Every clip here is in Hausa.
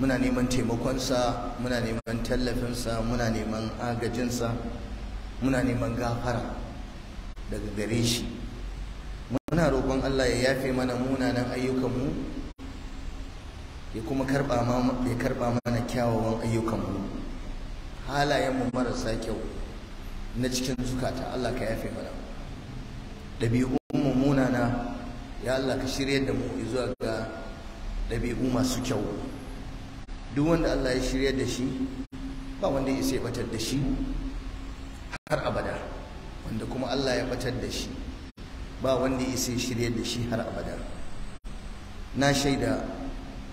muna neman taimakonsa muna neman tallafinsa muna neman agajinsa muna neman gafara daga gare shi muna roƙon Allah ya yafe mana munanan ayyukanmu ya kuma karɓa mana kyawawan ayyukanmu halayenmu marasa kyau na cikin zukata Allah ka yafe mana ɗabi'unmu munana ya Allah ka shirya da mu zuwa ga ɗabi'u masu kyau duk wanda Allah ya shirya da shi ba wanda ya sai batar da shi har abada wanda kuma Allah ya batar da shi ba wanda ya sai shirya da shi har abada na shaida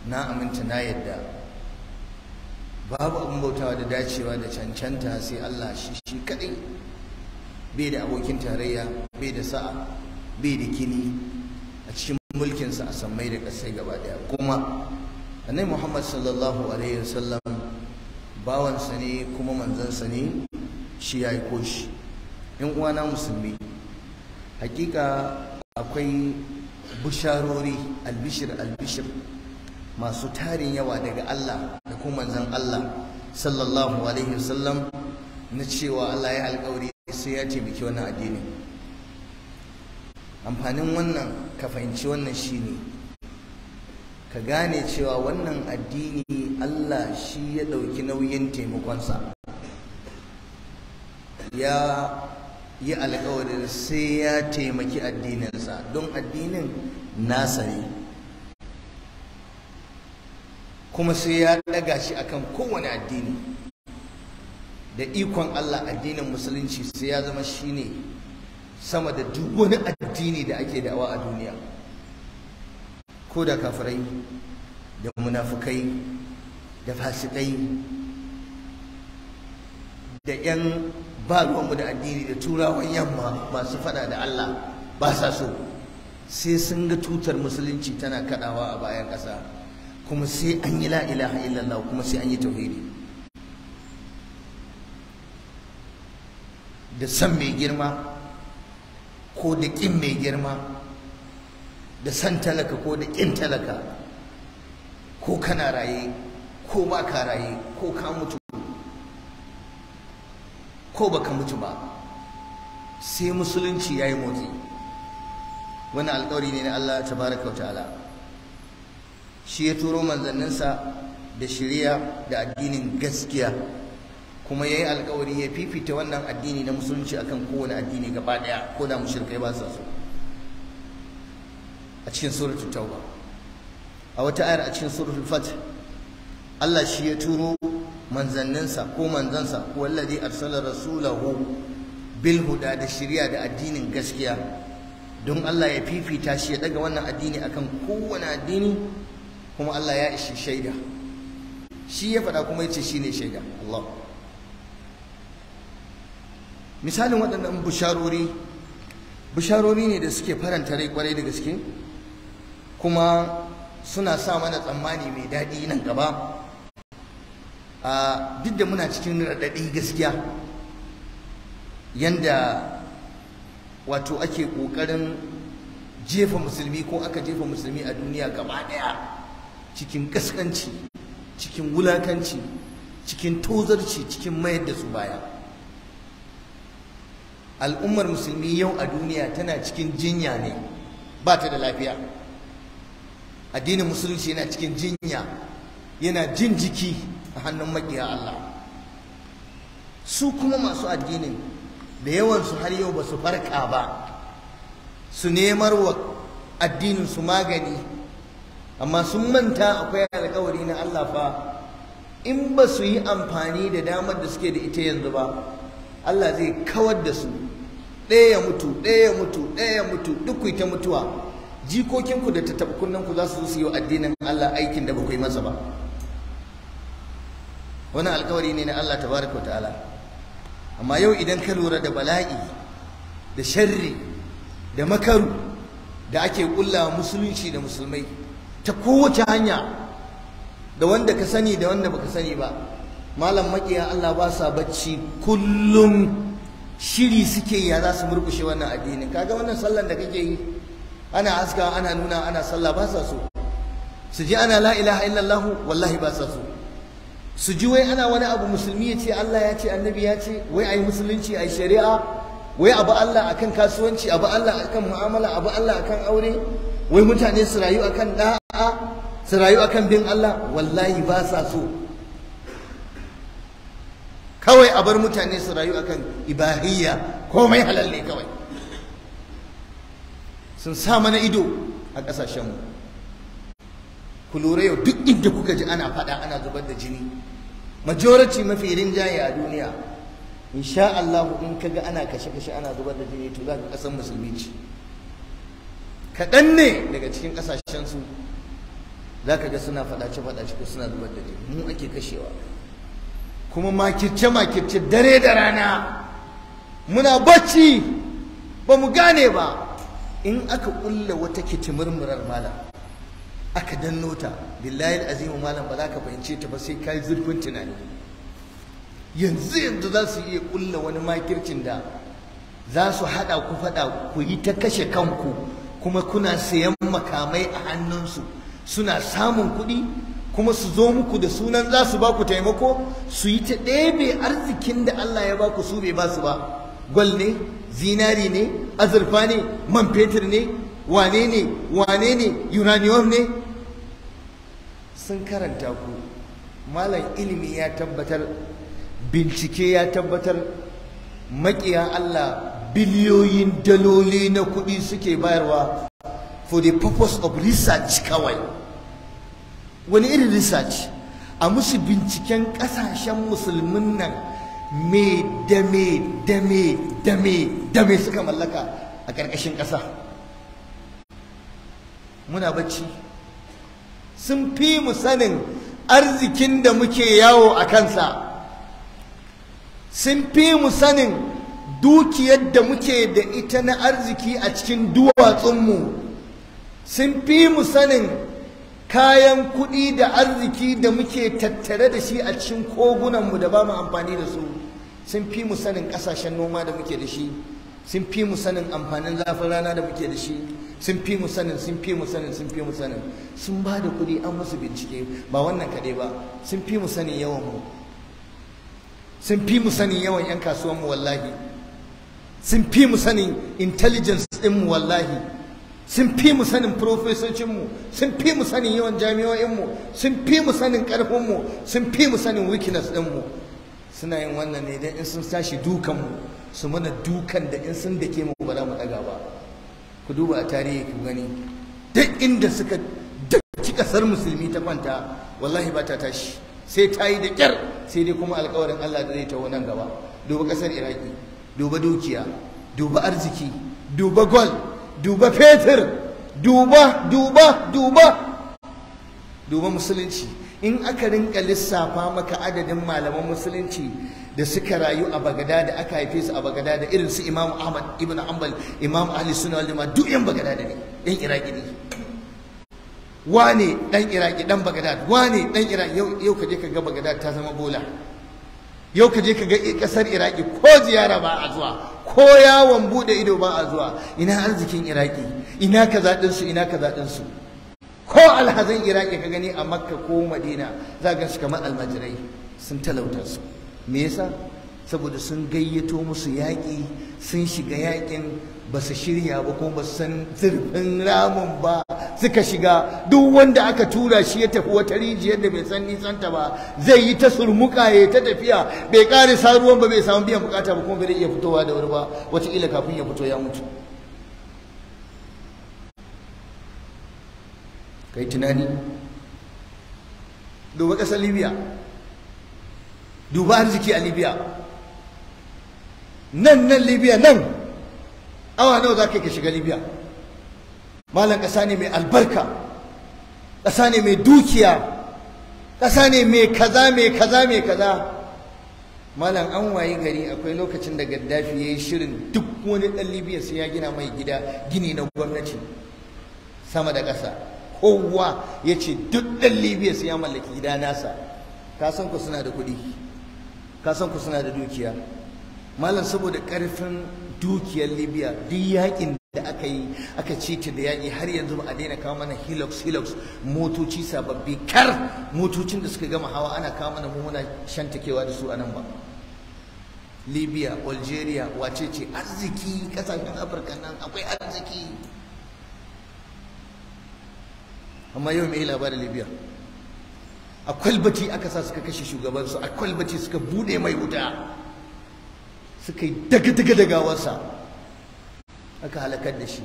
na aminta na yadda babu abin bautawa da dacewa da cancanta sai Allah shi shi kadai bai da abokin tarayya bai da sa'a bai da kini a cikin mulkinsa a sammai da ƙasai gaba daya kuma annai muhammad sallallahu alaihi wasallam bawansa ne kuma manzansa ne shi ya yi koshi yan uwana musulmi hakika akwai bisharori albishir albishir masu tarin yawa daga Allah da kuma manzan Allah sallallahu alaihi wasallam na cewa Allah ya alkawari sai ya taimaki wannan addini amfanin wannan ka fahimci wannan shine ka gane cewa wannan addini Allah shi ya ɗauki nauyin taimakonsa ya yi alkawarin sai ya taimaki addininsa don addinin nasa ne kuma sai ya ɗaga shi akan kowane addini da ikon Allah addinin musulunci sai ya zama shine sama da duk wani addini da ake da'awa a duniya ko da kafirai da munafukai da fasikai da 'yan ba ruwanmu da addini da turawan yamma masu fada da Allah ba sa so sai sun ga tutar musulunci tana kadawa a bayan ƙasa kuma sai an yi la ilaha illallah kuma sai an yi tauhidi da san mai girma ko da ƙin mai girma da san talaka ko da ƙin talaka ko kana raye ko ba ka raye ko ka mutu ko ba ka mutu ba sai musulunci ya yi motsi wani alƙawari ne na Allah ta wa ta'ala shi ya turo manzanninsa da shirya da addinin gaskiya kuma ya yi alkawari ya fifita wannan addini na musulunci akan kowane addini gaba ɗaya ko da mushrikai ba su so a cikin suratul tauba a wata ayar a cikin suratul fath Allah shi ya turo manzanninsa ko manzansa ko wallazi arsala rasulahu bil huda da shari'a da addinin gaskiya don Allah ya fifita shi ya daga wannan addini akan kowane addini kuma Allah ya ishi shaida shi ya faɗa kuma ya ce shi ne shaida Allah misalin waɗannan bisharori bisharori ne da suke faranta rai kwarai da gaske kuma suna sa mana tsammani mai daɗi nan gaba A duk da muna cikin raɗaɗi gaskiya yanda wato ake ƙoƙarin jefa musulmi ko aka jefa musulmi a duniya gaba ɗaya cikin ƙasƙanci cikin wulakanci cikin tozarci cikin mayar da su baya al'ummar musulmi yau a duniya tana cikin jinya ne ba ta da lafiya addinin musulunci yana cikin jinya yana jin jiki a hannun makiya Allah su kuma masu addinin da yawansu har yau ba su farka ba su nemar wa addinin su magani amma sun manta akwai alkawari na Allah fa in ba su yi amfani da damar da suke da ita yanzu ba Allah zai kawar da su ɗaya mutu ɗaya mutu ɗaya mutu duk ta mutuwa jikokinku da tattabakunanku za su zo su yi addinin Allah aikin da ba ku masa ba wani alkawari ne na Allah tabaraka ta'ala amma yau idan ka lura da bala'i da sharri da makaru da ake kulla musulunci da musulmai ta kowace hanya da wanda ka sani da wanda baka sani ba malam makiya Allah ba sa bacci kullum shiri suke ya za su murkushe wannan addini kaga wannan sallan da kake yi ana aska ana nuna ana sallah ba sa so su ji ana la ilaha illallah wallahi ba sa so su ji wai ana wani abu musulmi ya ce Allah ya ce annabi ya ce wai ayi musulunci ayi shari'a wai abu Allah akan kasuwanci abu Allah akan mu'amala abu Allah akan aure wai mutane su rayu akan da'a su rayu akan bin Allah wallahi ba sa so kawai a bar mutane su rayu akan ibahiyya komai halal ne kawai sun sa mana ido a ƙasashenmu ku lura yau duk inda kuka ji ana faɗa ana zubar da jini majority mafi rinjaye a duniya insha Allah in kaga ana kashe-kashe ana zubar da jini to za ka ƙasar musulmi ce kaɗan ne daga cikin ƙasashensu za ka ga suna faɗace-faɗace ko suna zubar da jini mu ake kashewa kuma makirce-makirce dare da rana muna bacci ba mu gane ba in aka ƙulla wata kitimurmurar malam aka danno ta billahi Al'azimu malam ba za ka fahimce ta ba sai kai zurfin tunani yanzu yanzu za su iya kulla wani makircin da za su haɗa ku faɗa ku yi ta kashe kanku kuma kuna sayan makamai a hannunsu suna samun kuɗi kuma su zo muku da sunan za su ba ku taimako su yi ta ɗebe arzikin da Allah ya ba ku su bai ba su ba gwal ne zinari ne azurfa ne man fetur ne wane ne wane ne uranium ne sun karanta ku malam ilimi ya tabbatar bincike ya tabbatar makiya Allah biliyoyin daloli na kuɗi suke bayarwa for the purpose of research kawai wani irin research a musu binciken ƙasashen musulmin nan me da me da me da me da me suka mallaka a ƙarƙashin ƙasa muna bacci sun fi mu sanin arzikin da muke yawo a kansa sun fi mu sanin dukiyar da muke da ita na arziki a cikin duwatsunmu sun fi mu sanin kayan kuɗi da arziki da muke tattare da shi a cikin kogunanmu da ba mu amfani da su sun fi mu sanin ƙasashen noma da muke da shi sun fi mu sanin amfanin zafin rana da muke da shi sun fi mu sanin sun fi mu sanin sun fi mu sanin sun ba da kuɗi an musu bincike ba wannan kaɗai ba sun fi mu sanin yawan mu sun fi mu sanin yawan 'yan kasuwanmu wallahi sun fi mu sanin intelligence ɗinmu wallahi sun fi mu sanin profesocinmu sun fi mu sanin yawan jami'o'inmu sun fi mu sanin ƙarfinmu sun fi mu sanin weakness ɗinmu suna yin wannan ne idan in sun tashi dukanmu su mana dukan da in sun dake mu ba za mu ɗaga ba ku duba a tarihi ku gani duk inda suka daki ƙasar musulmi ta kwanta wallahi ba ta tashi sai ta yi da ƙyar sai dai kuma alƙawarin Allah da zai ta nan gaba duba ƙasar Iraki duba dukiya duba arziki duba gol duba fetur duba duba duba duba musulunci in aka rinka lissafa maka adadin malaman musulunci da suka rayu a bagada da aka haife su a bagada da irin su imam ahmad ibn ambal imam ahli suna walima duk yan bagada ne yan iraki ne wane dan iraki dan bagada wane dan iraki yau ka je ka ga bagada ta zama bola yau ka je ka ga kasar iraki ko ziyara ba a zuwa ko yawon bude ido ba a zuwa ina arzikin iraki ina zaɗin su ina zaɗin su ko alhazan iraki ka gani a makka ko madina za ka shi kamar almajirai sun talauta su me yasa saboda sun gayyato musu yaƙi sun shiga yaƙin ba su shirya ba ko ba su san zurfin ramin ba suka shiga duk wanda aka tura shi ya tafi wata rijiyar da bai san nisanta ba zai yi ta surmuka ya ta tafiya bai kare sa ruwan ba bai samu biyan bukata ba kuma bai iya fitowa da wuri ba ila kafin ya fito ya mutu kai tunani duba ƙasar libya duba arziki a libya nan nan libya nan awa nawa za ka ka shiga libya malam ƙasa ne mai albarka ƙasa ne mai dukiya ƙasa ne mai kaza mai kaza mai kaza malam an wayi gari akwai lokacin da gaddafi ya yi shirin duk wani ɗan libya sai ya gina mai gida gini na gwamnati sama da ƙasa kowa ya ce duk ɗan libya sai ya mallaki gida nasa ka san ku suna da kuɗi ka san ku suna da dukiya malam saboda ƙarfin dukiyar libya duk yakin da aka yi aka ci ta da yaƙi har yanzu ba a daina kawo mana hilux hilux motoci sababbi kar motocin da suka gama hawa ana kawo mana mu muna shantakewa da su a nan ba libya algeria wace ce arziki kasashen afirka nan akwai arziki amma yau mai labarin libya a kwalbati aka sa suka kashe shugabansu a kwalbati suka bude mai wuta suka yi daga-daga daga wasa aka halakar da shi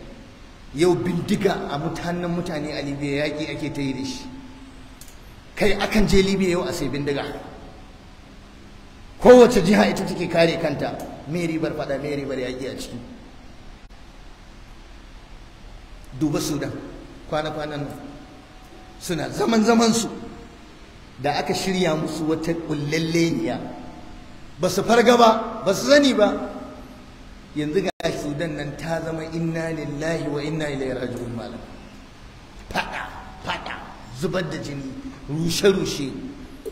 yau bindiga a mutanen mutane a libya yaƙi ake ta yi da shi kai akan je libya yau a sai bindiga kowace jiha ita take kare kanta mai ribar fada mai ribar yaƙi a ciki duba sudan kwana-kwanan suna zaman zamansu da aka shirya musu wata ƙullalleniya ba su farga ba ba su sani ba yanzu ga sudan nan ta zama inna lillahi wa inna ilaihi raji'un malam fada fada zubar da jini rushe rushe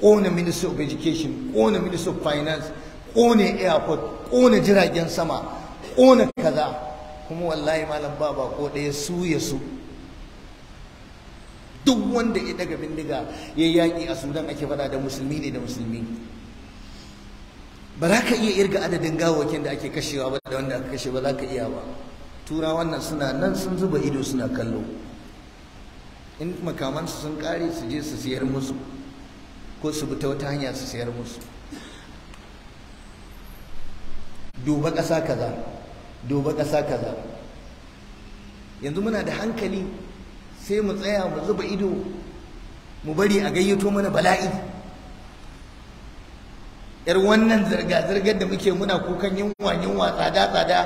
kona minister of education kona minister of finance kona airport kona jiragen sama kona kaza kuma wallahi malam baba ko ɗaya su ya su duk wanda ya daga bindiga ya yaƙi a sudan ake fada da musulmi ne da musulmi ba za ka iya irga adadin gawakin da ake kashewa ba da wanda aka kashe ba za ka iya ba tura wannan suna nan sun zuba ido suna kallo in makamansu sun kare su je su siyar musu ko su bi ta wata hanya su siyar musu duba ƙasa kaza duba ƙasa kaza yanzu muna da hankali sai mu tsaya mu zuba ido mu bari a gayyato mana bala'i yar wannan zirga-zirgar da muke muna kukan yunwa yunwa tsada-tsada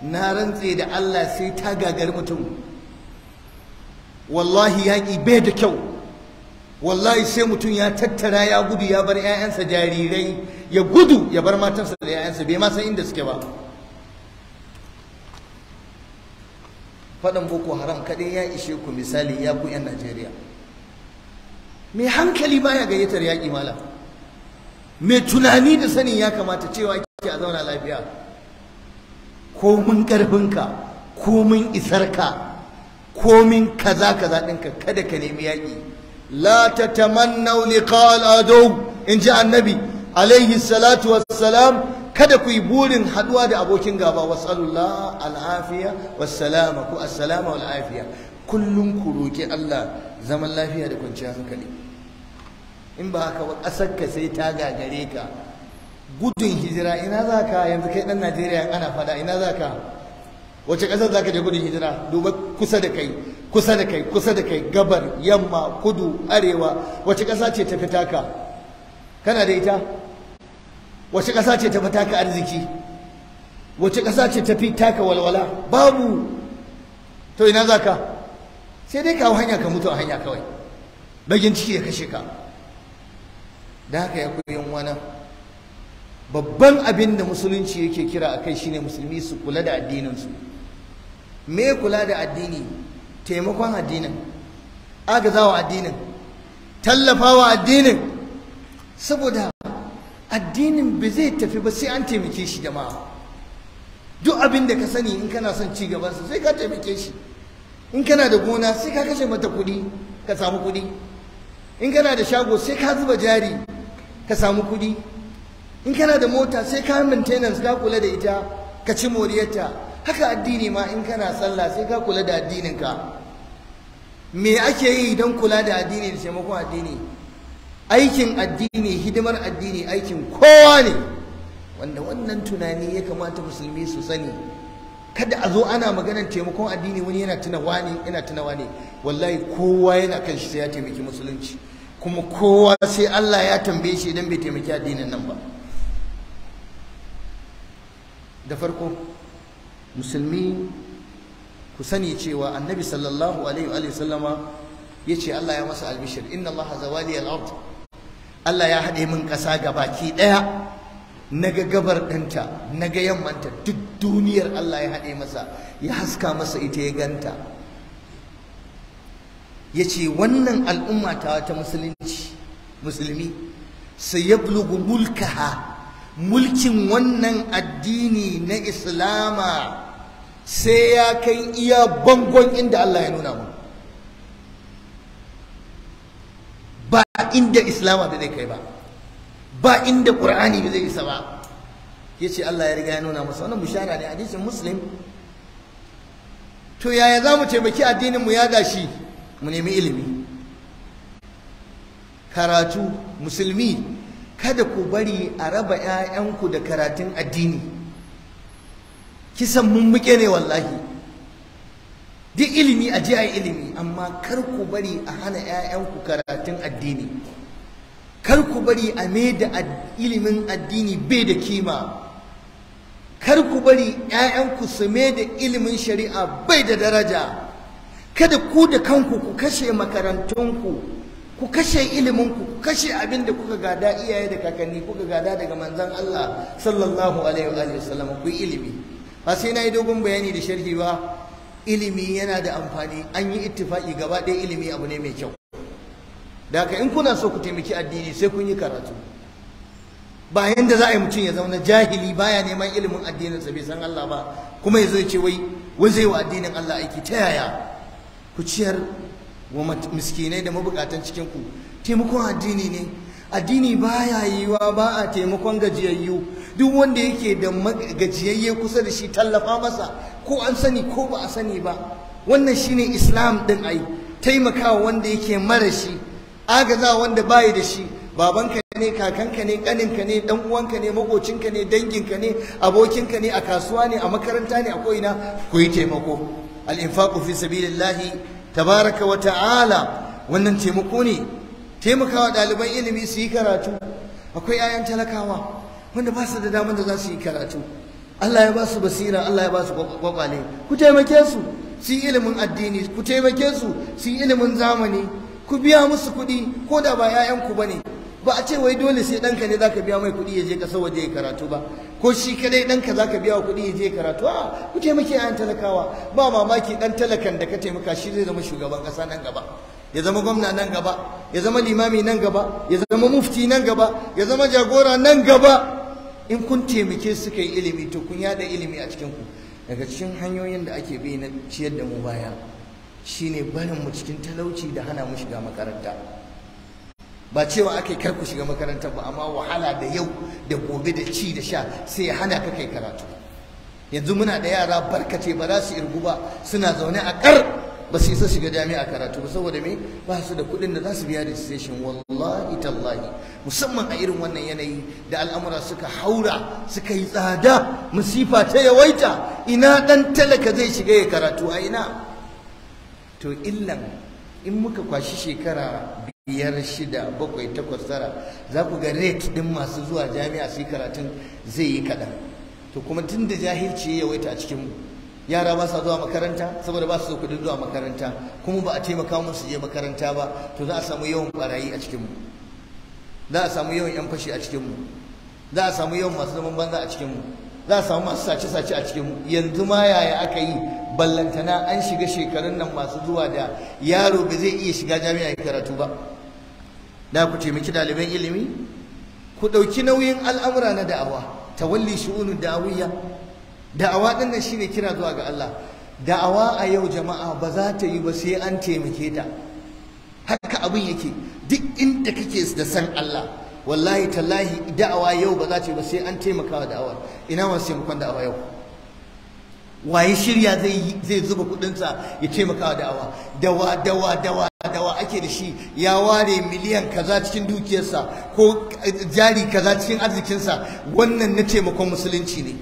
na rantse da Allah sai ta gagar mutum wallahi yaƙi bai da kyau wallahi sai mutum ya tattara ya gudu ya bar 'ya'yansa jarirai ya gudu ya bar matarsa da 'ya'yansa bai ma san inda suke ba faɗan boko haram kaɗai ya ishe ku misali ya ku 'yan najeriya mai hankali baya gayyatar yaƙi malam mai tunani da sanin ya kamata cewa ke a zauna lafiya komin ƙarfinka mun isarka mun kaza kaza dinka, kada ka nemi yaƙi la tatamannau liqa al-adu in ji annabi Alayhi salatu wassalam kada ku yi burin haɗuwa da abokin gaba wasalullah al'afiya wassalama ku assalama wal afiya kullum ku roƙi Allah zaman lafiya da kwanciyar hankali in ba haka ba ƙasar ka sai ta gagare ka gudun hijira ina za ka yanzu kai ɗan najeriya ana fada ina za ka wace ƙasar za ka je gudun hijira duba kusa da kai kusa da kai kusa da kai gabar yamma kudu arewa wace ƙasa ce tafi taka kana da ita wace ƙasa ce tafi taka arziki wace ƙasa ce tafi taka walwala babu to ina za ka sai dai kawo hanya ka mutu a hanya kawai bagin ciki ya kashe ka da haka ya koyi yan wana babban abin da musulunci yake kira a kai shine musulmi su kula da addininsu me kula da addini taimakon addinin agazawa addinin tallafawa addinin saboda addinin ba zai tafi ba sai an taimake shi jama'a duk abin da ka sani in kana son ci gabansa sai ka taimake shi in kana da gona sai ka kashe mata kuɗi ka samu kuɗi in kana da shago sai ka zuba jari ka samu kuɗi in kana da mota sai ka maintenance ka kula da ita ka ci moriyarta haka addini ma in kana sallah sai ka kula da addininka me ake yi don kula da addini da taimakon addini aikin addini hidimar addini aikin kowa ne wanda wannan tunani ya kamata musulmi su sani kada a zo ana maganar taimakon addini wani yana tunawa ne yana tunawa ne wallahi kowa yana kan shi sai ya taimaki musulunci kuma kowa sai Allah ya tambaye shi idan bai taimaki addinin nan ba da farko musulmi ku sani cewa annabi sallallahu alaihi wa sallama ya ce Allah ya masa albishir inna Allah zawali al-ard Allah ya haɗe min ƙasa ga baki ɗaya na ga gabar ɗanta, ɗinta ga yammanta duk duniyar Allah ya haɗe masa ya haska masa ita ya ganta ya ce wannan al'umma ta ta musulunci musulmi bulugu yablugu mulkaha mulkin wannan addini na islama sai ya kai iya bangon inda Allah ya nuna mu ba inda islama da zai kai ba ba inda qur'ani bai zai isa ba yace Allah ya riga ya nuna masa wannan bushara ne hadisin muslim to yaya za mu taimaki addinin mu ya gashi mu nemi ilimi karatu musulmi kada ku bari a raba 'ya'yanku da karatun addini kisan muke ne wallahi duk ilimi a ji a ilimi amma kar ku bari a hana 'ya'yanku karatun addini kar ku bari a da ilimin addini bai da kima kar ku bari 'ya'yanku su da ilimin shari'a bai da daraja kada ku da kanku ku kashe makarantunku ku kashe iliminku ku kashe abin da kuka gada iyaye da kakanni kuka gada daga manzon Allah sallallahu alaihi wa wasallam ku ilimi ba sai na dogon bayani da sharhi ba ilimi yana da amfani an yi ittifaki gaba ɗaya ilimi abu ne mai kyau da haka in kuna so ku taimaki addini sai kun yi karatu ba yanda za a yi mutum ya zauna jahili baya neman ilimin addininsa bai san Allah ba kuma ya zo ya ce wai wai zai wa addinin Allah aiki ta yaya ku ciyar wa miskinai da mabukatan cikin ku taimakon addini ne addini baya yiwa ba a taimakon gajiyayyu duk wanda yake da gajiyayye kusa da shi tallafa masa ko an sani ko ba a sani ba wannan shine islam din ai taimakawa wanda yake mara shi agaza wanda bayi da shi babanka ne kakanka ne kaninka ne dan uwanka ne makocinka ne danginka ne abokinka ne a kasuwa ne a makaranta ne a ko'ina ku yi taimako al-infaqu fi sabilillahi tabaraka wa wannan taimako ne taimakawa ɗaliban ilimi su yi karatu akwai 'ya'yan talakawa wanda ba su da damar da za su yi karatu Allah ya ba su basira Allah ya ba su kwakwale ku taimake su su yi ilimin addini ku taimake su su yi ilimin zamani ku biya musu kuɗi ko da ba 'ya'yanku ba ne ba a ce wai dole sai ɗanka ne zaka biya mai kuɗi ya je ƙasar waje ya karatu ba ko shi kadai ɗanka zaka biya wa kuɗi ya je karatu a ku taimake a'yan talakawa ba mamaki ɗan talakan da ka taimaka shi zai zama shugaban ƙasa nan gaba ya zama gwamna nan gaba ya zama limami nan gaba ya zama mufti nan gaba ya zama jagora nan gaba in kun taimake su kai ilimi to kun yada ilimi a cikin ku daga cikin hanyoyin da ake bi na ciyar da mu baya shine barin mu cikin talauci da hana mu shiga makaranta ba cewa aka yi ku shiga makarantar ba amma wahala da yau da gobe da ci da sha sai hana ka kai karatu yanzu muna da yara barkace ba za su irgu ba suna zaune a kar ba su isa shiga jami'a karatu ba saboda me ba su da kuɗin da za su biya registration wallahi tallahi musamman a irin wannan yanayi da al'amura suka haura suka yi tsada musifa ta yawaita ina dan talaka zai shiga ya karatu a ina to illan in muka kwashi shekara biyar shida bakwai takwas tara za ku ga rate din masu zuwa jami'a su yi karatun zai yi kaɗan to kuma tun da jahilci ya yawaita a cikin yara ba sa zuwa makaranta saboda ba su da kuɗin zuwa makaranta kuma ba a taimaka musu je makaranta ba to za a samu yawan barayi a cikinmu za a samu yawan yan fashi a cikinmu za a samu yawan masu zaman banza a cikinmu za a samu masu sace-sace a cikin yanzu ma yaya aka yi ballantana an shiga shekarun nan masu zuwa da yaro ba zai iya shiga jami'a ya karatu ba da ku taimaki ɗaliban ilimi ku ɗauki nauyin al'amura na da'awa ta walli shu'unun da'awiyya da'awa ɗin nan shine kira zuwa ga Allah da'awa a yau jama'a ba za ta yi ba sai an taimake ta haka abin yake duk inda kake da san Allah wallahi tallahi da'awa yau ba za ta ba sai an taimaka wa da'awar ina wasu taimakon da'awa yau waye shirya zai zuba kudinsa ya taimaka wa da'awa dawa dawa dawa dawa ake da shi ya ware miliyan kaza cikin dukiyarsa ko jari kaza cikin arzikinsa wannan na taimakon musulunci ne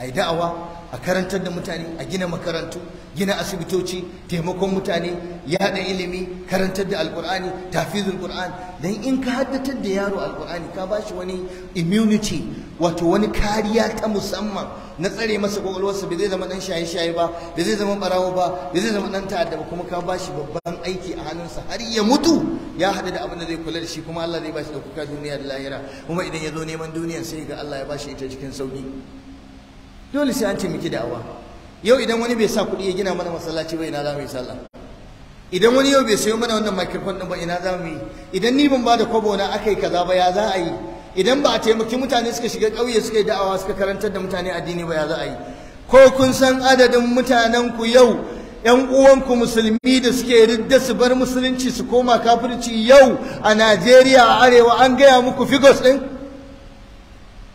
ai da'awa a karantar da mutane a gina makarantu gina asibitoci taimakon mutane yada ilimi karantar da alkur'ani tafizul qur'an dan in ka haddatar da yaro alkur'ani ka bashi wani immunity wato wani kariya ta musamman na tsare masa kwakwalwarsa bai zai zama dan shaye-shaye ba bai zai zama barawo ba bai zai zama dan ta'adda ba kuma ka bashi babban aiki a hannunsa har ya mutu ya haɗu da abin da zai kula da shi kuma Allah zai bashi da kuka duniya da lahira kuma idan ya zo neman duniyar sai ga Allah ya bashi ita cikin sauki dole sai an taimaki da'awa yau idan wani bai sa kuɗi ya gina mana masallaci ba ina za mu yi sallah idan wani yau bai sayo mana wannan microphone din ba ina za mu yi idan ni ban bada kwabo na aka yi kaza ba ya za a yi idan ba a taimaki mutane suka shiga ƙauye suka yi da'awa suka karantar da mutane addini ba ya za a yi ko kun san adadin mutanen ku yau yan uwanku musulmi da suke ridda su bar musulunci su koma kafirci yau a Najeriya a arewa an gaya muku figures din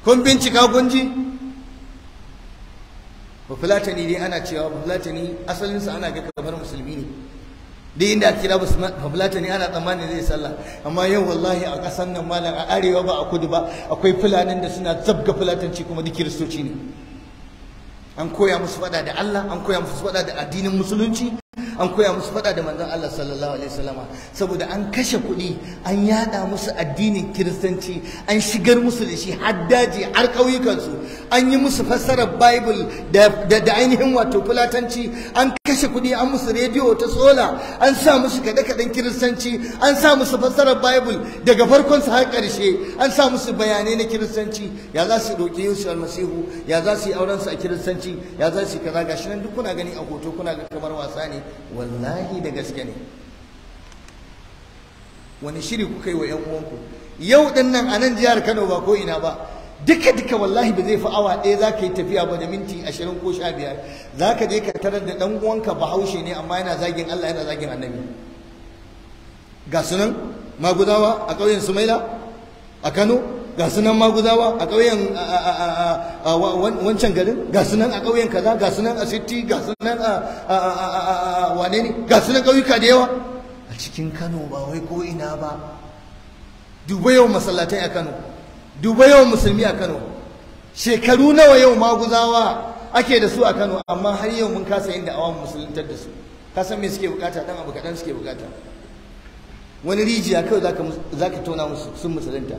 kun bincika kun ji bafulatani dai ana cewa bafulatani asalinsa ana ga kamar musulmi ne duk inda a kira bafulatani ana tsammanin zai sallah amma yau wallahi a ƙasar nan malam a arewa ba a kudu ba akwai fulanin da suna zabga fulatanci kuma duk kiristoci ne an koya musu faɗa da Allah an koya musu faɗa da addinin musulunci an koya musu faɗa da manzon Allah sallallahu alaihi wasallama saboda an kashe kuɗi an yada musu addinin kiristanci an shigar musu da shi har daji har ƙauyukansu an yi musu fassarar bible da ainihin wato fulatanci an kashe kuɗi an musu rediyo ta sola an sa musu kaɗe-kaɗen kiristanci an sa musu fassarar bible daga farkon su har ƙarshe an sa musu bayanai na kiristanci ya za su roƙi Yesu almasihu ya za su yi aurensu a kiristanci ya za su kaza gashi nan duk kuna gani a hoto kuna ga kamar wasa ne wallahi da gaske ne wani shiri kuka yi wa 'yan uwanku yau din nan a nan jihar Kano ba ko ina ba duka duka wallahi ba zai fi awa ɗaya za ka yi tafiya ba da minti ashirin ko sha biyar za ka je ka tarar da ɗan uwanka bahaushe ne amma yana zagin Allah yana zagin annabi ga sunan magudawa a ƙauyen Sumaila a Kano ga sunan maguzawa a ƙauyen wancan garin ga sunan a ƙauyen kaza ga sunan a sitti ga sunan a wane ne ga sunan ƙauyuka da yawa a cikin kano ba wai ko ina ba duba yawan masallatai a kano duba yawan musulmi a kano shekaru nawa yau maguzawa ake da su a kano amma har yau mun kasa inda awam musuluntar da su ka san me suke bukata dan abu kaɗan suke bukata wani rijiya kawai zaka tona musu sun musulunta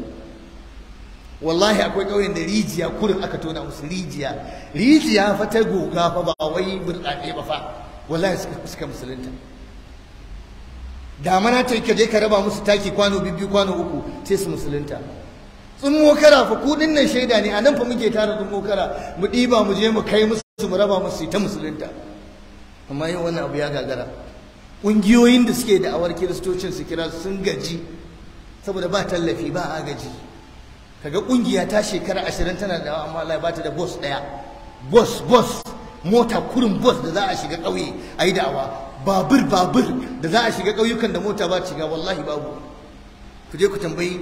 wallahi akwai ƙauyen da rijiya kurin aka tona musu rijiya rijiya fa ta goga fa ba wai burɗaɗe ba fa wallahi suka suka musulunta mana ta ka je ka raba musu taki kwano bibbi kwano uku sai su musulunta tsumo kara fa kudin nan shaida ne a nan fa muke tara tsumo kara mu ɗiba mu je mu kai musu mu raba musu ta musulunta amma yau wannan abu ya gagara ƙungiyoyin da suke da'awar kiristocin su kira sun gaji saboda ba tallafi ba agaji kaga kungiya ta shekara ashirin tana da amma Allah ya da bus daya bus bus mota kurin bus da za a shiga ƙauye a yi da'awa babur babur da za a shiga ƙauyukan da mota ba shiga wallahi babu ku je ku tambayi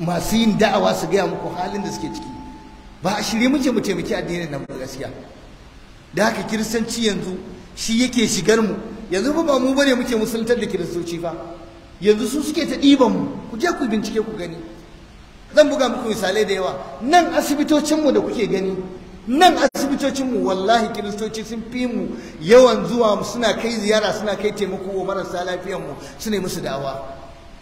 masu yin da'awa su gaya muku halin da suke ciki ba a shirye muke mu taimaki addinin nan ba gaskiya da haka kiristanci yanzu shi yake shigar mu yanzu fa ba mu bane muke musuluntar da kiristoci ba yanzu su suke ta ɗiban mu ku je ku bincike ku gani zan buga muku misalai da yawa nan asibitocinmu da kuke gani nan asibitocinmu wallahi kiristoci sun fi mu yawan zuwa suna kai ziyara suna kai taimako wa marasa lafiyanmu su ne musu dawa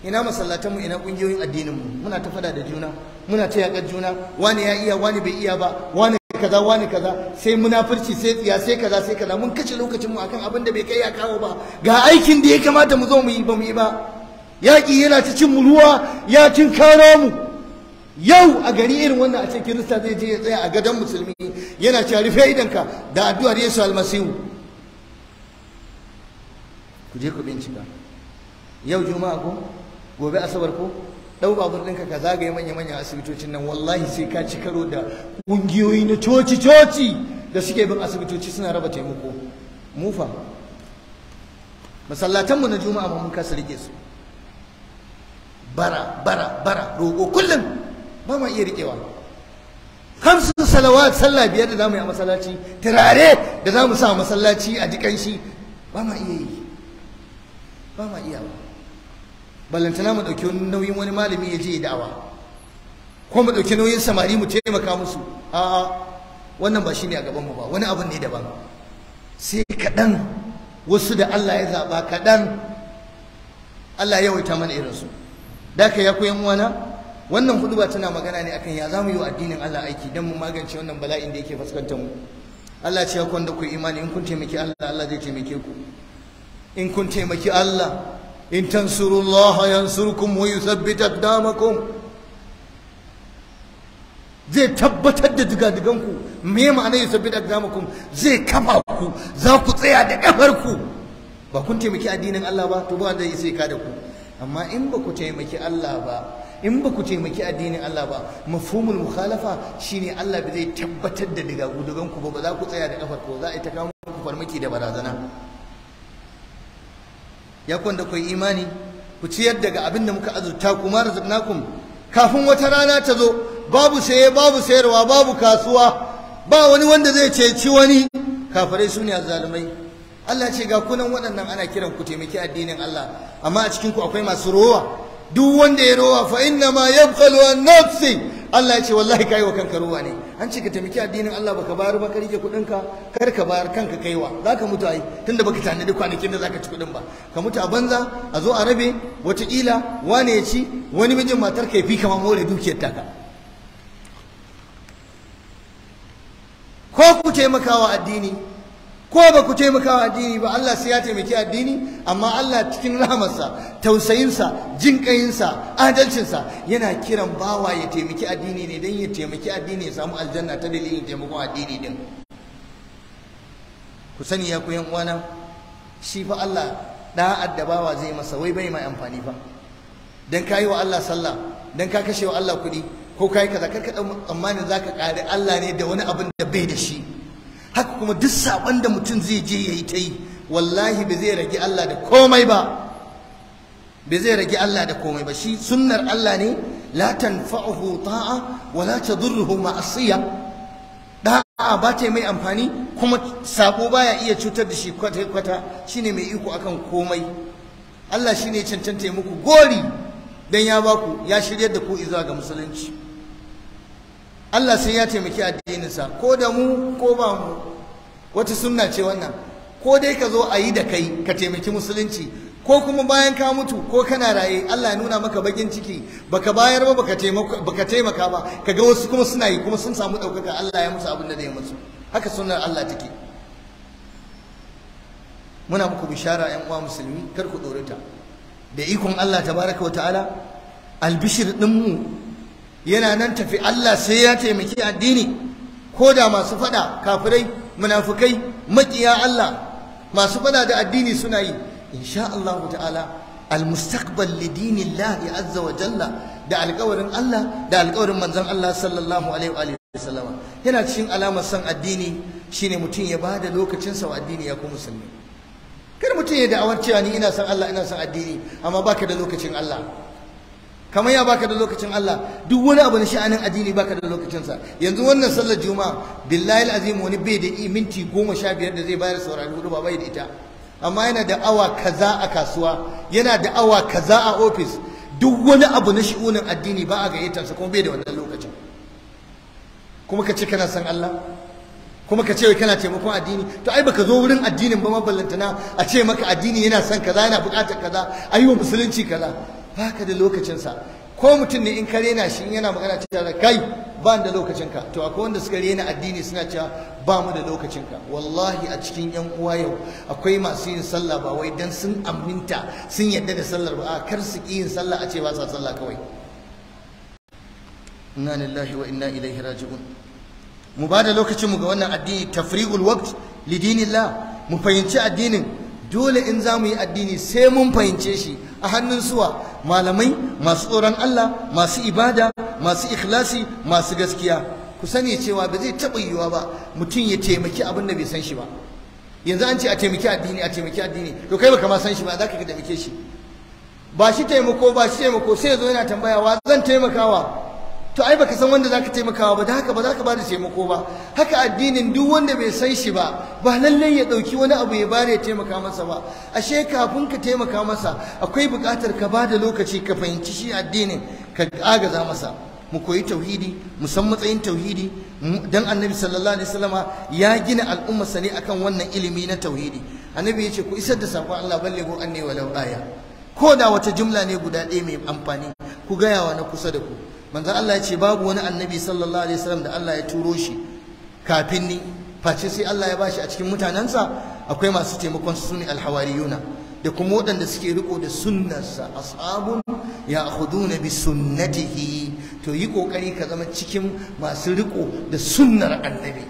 ina masallatanmu ina ƙungiyoyin addininmu muna ta fada da juna muna ta yaƙar juna wani ya iya wani bai iya ba wani kaza wani kaza sai munafurci sai tsiya sai kaza sai kaza mun kace lokacinmu akan abin da bai kai ya kawo ba ga aikin da ya kamata mu zo mu yi ba mu yi ba yaƙi yana ta cin mu ruwa ya cin kara mu yau a gari irin wanda a ce kirista zai je ya tsaya a gadon musulmi yana cewa rufe idanka da addu'ar yesu almasihu ku je ku bincika yau juma'a ko gobe asabar ko ɗau babur ɗinka ka zagaye manya-manyan asibitocin nan wallahi sai ka ci karo da ƙungiyoyi na coci-coci da suke bin asibitoci suna raba taimako mufa masallatanmu na juma'a ba mun kasa rike su bara bara bara roƙo kullum ba ma iya riƙewa hamsin salawa sallah biyar da zamu yi a masallaci turare da zamu sa masallaci a jikan shi ba ma iya yi ba ma iya ba ballantana mu ɗauki nauyin wani malami ya je da'awa ko mu ɗauki nauyin samari mu taimaka musu a'a wannan ba shine a gaban mu ba wani abu ne daban sai kaɗan wasu da Allah ya zaɓa kaɗan Allah ya yawaita mana irinsu da ka ya ku yan uwana wannan huduba tana magana ne akan ya za mu yi wa addinin Allah aiki don mu magance wannan bala'in da yake fuskantar mu Allah ce ya kwanda ku imani in kun taimaki Allah Allah zai taimake ku in kun taimaki Allah in tansurullah yansurkum wa yuthabbit aqdamakum zai tabbatar da dugadugan ku me ma'ana yuthabbit aqdamakum zai kama ku za ku tsaya da kafar ku ba kun taimaki addinin Allah ba to ba zai sai ka da ku amma in ba ku taimaki Allah ba in ba ku taimaki addinin Allah ba mafhumul mukhalafa shine Allah ba zai tabbatar da daga gudugan ku ba ba za ku tsaya da kafar ko za a yi ta kawo ku farmaki da barazana ya kwanda kai imani ku ciyar daga abin da muka azurta ku ma razaqnakum kafin wata rana ta zo babu saye babu sayarwa babu kasuwa ba wani wanda zai ceci wani kafirai su ne azzalumai Allah ce ga kunan waɗannan ana kiran ku taimaki addinin Allah amma a cikin ku akwai masu rowa duk wanda ya rowa fa inna ma yabkhalu an nafsi Allah ya ce wallahi kai wa kanka rowa ne an ce ka taimaki addinin Allah baka bayar ba ka rike kudin ka kar ka bayar kanka kaiwa zaka mutu ai tunda baka tanadi kwanakin da zaka ci kuɗin ba ka mutu a banza a zo a rabe watakila. wane ya ci wani mijin matar ka fi kama more dukiyar ka. ko ku taimakawa addini ko ba ku taimaka addini ba Allah sai ya taimaki addini amma Allah cikin rahamarsa tausayinsa jinƙayinsa adalcinsa yana kiran bawa ya taimaki addini ne don ya taimaki addini ya samu aljanna ta dalilin taimakon addini din ku sani ya ku shi fa Allah da addabawa zai masa wai bai mai amfani ba dan kai wa Allah sallah dan ka kashe wa Allah kuɗi ko kayi kaza kar ka tsammanin zaka kare Allah ne da wani abin da bai da shi haka kuma duk saban da mutum zai je ya yi ta yi wallahi ba zai rage Allah da komai ba ba zai rage Allah da komai ba shi sunnar Allah ne la tanfa'uhu ta'a wa la tadurruhu ma'asiya da'a ba ta mai amfani kuma sabo baya iya cutar da shi kwata kwata shine mai iko akan komai Allah shine cancanta ya muku gori dan ya baku ya shiryar da ku izuwa ga musulunci Allah sai ya taimaki addininsa ko da mu ko ba mu wata sunna ce wannan ko dai ka zo a yi da kai ka taimaki musulunci ko kuma bayan ka mutu ko kana raye Allah ya nuna maka bakin ciki baka bayar ba baka taimaka baka taimaka ba kaga wasu kuma suna yi kuma sun samu ɗaukaka Allah ya musu abin da ya musu haka sunnar Allah take muna muku bishara ƴan uwa musulmi kar ku dorita da ikon Allah tabaraka wa ta'ala albishir ɗinmu yana nan tafi Allah sai ya taimaki addini ko da masu fada kafirai munafukai makiya Allah masu fada da addini suna yi insha Allah ta'ala almustaqbal lidinillahi azza wa jalla da alƙawarin Allah da alƙawarin manzon Allah sallallahu alaihi wa sallama yana cikin alamar san addini shine mutum ya bada lokacinsa wa addini ya kuma musulmi kar mutum ya da'awar cewa ni ina son Allah ina son addini amma baka da lokacin Allah kamar ya baka da lokacin Allah duk wani abu na sha'anin addini baka da sa yanzu wannan sallar juma'a billahi alazim wani bai da minti goma sha biyar da zai bayar saurari hudu ba bai da ita amma yana da awa kaza a kasuwa yana da awa kaza a ofis duk wani abu na shi'unin addini ba a sa kuma bai da wannan lokacin kuma ka ce kana san Allah kuma ka ce kana taimakon addini to ai baka zo wurin addinin ba maballantana a ce maka addini yana son kaza yana buƙatar kaza ayyuka musulunci kaza baka da lokacinsa ko mutum ne in ka rena shi yana magana cewa da kai ba da lokacinka to akwai wanda suka rena addini suna cewa ba mu da lokacinka wallahi a cikin yan uwa yau akwai masu yin sallah ba wai dan sun aminta sun yadda da sallar ba kar su yin sallah a ce ba sa sallah kawai inna lillahi wa inna ilaihi raji'un mu ba da lokacin mu ga wannan addini tafriqul waqt li dinillah mu fahimci addinin dole in za mu yi addini sai mun fahimce shi a hannun suwa malamai masu tsoron Allah masu ibada masu ikhlasi masu gaskiya ku sani cewa ba zai taɓa yiwuwa ba mutum ya taimaki abin da bai san shi ba yanzu an ce a taimaki addini a taimaki addini to kai baka ma san shi ba za ka taimake shi ba shi taimako ba shi taimako sai ya zo yana tambaya wa zan taimakawa to ai baka san wanda zaka taimakawa ba da haka ba zaka bada taimako ba haka addinin duk wanda bai san shi ba ba lallai ya dauki wani abu ya bada ya taimaka masa ba ashe kafin ka taimaka masa akwai buƙatar ka bada lokaci ka fahimci shi addinin ka agaza masa mu koyi tauhidi mu san matsayin tauhidi dan annabi sallallahu alaihi wasallama ya gina al'umma sani akan wannan ilimi na tauhidi annabi yace ku isar da sako Allah ballego anni walau aya ko da wata jumla ne guda ɗaya mai amfani ku gayawa na kusa da ku manzon Allah ya ce babu wani annabi sallallahu alaihi wasallam da Allah ya turo shi kafin ni face sai Allah ya bashi a cikin mutanensa akwai masu taimakon su ne alhawariyuna da kuma waɗanda suke riko da sunnarsa ashabun ya'khuduna bi sunnatihi to yi kokari ka zama cikin masu riko da sunnar annabi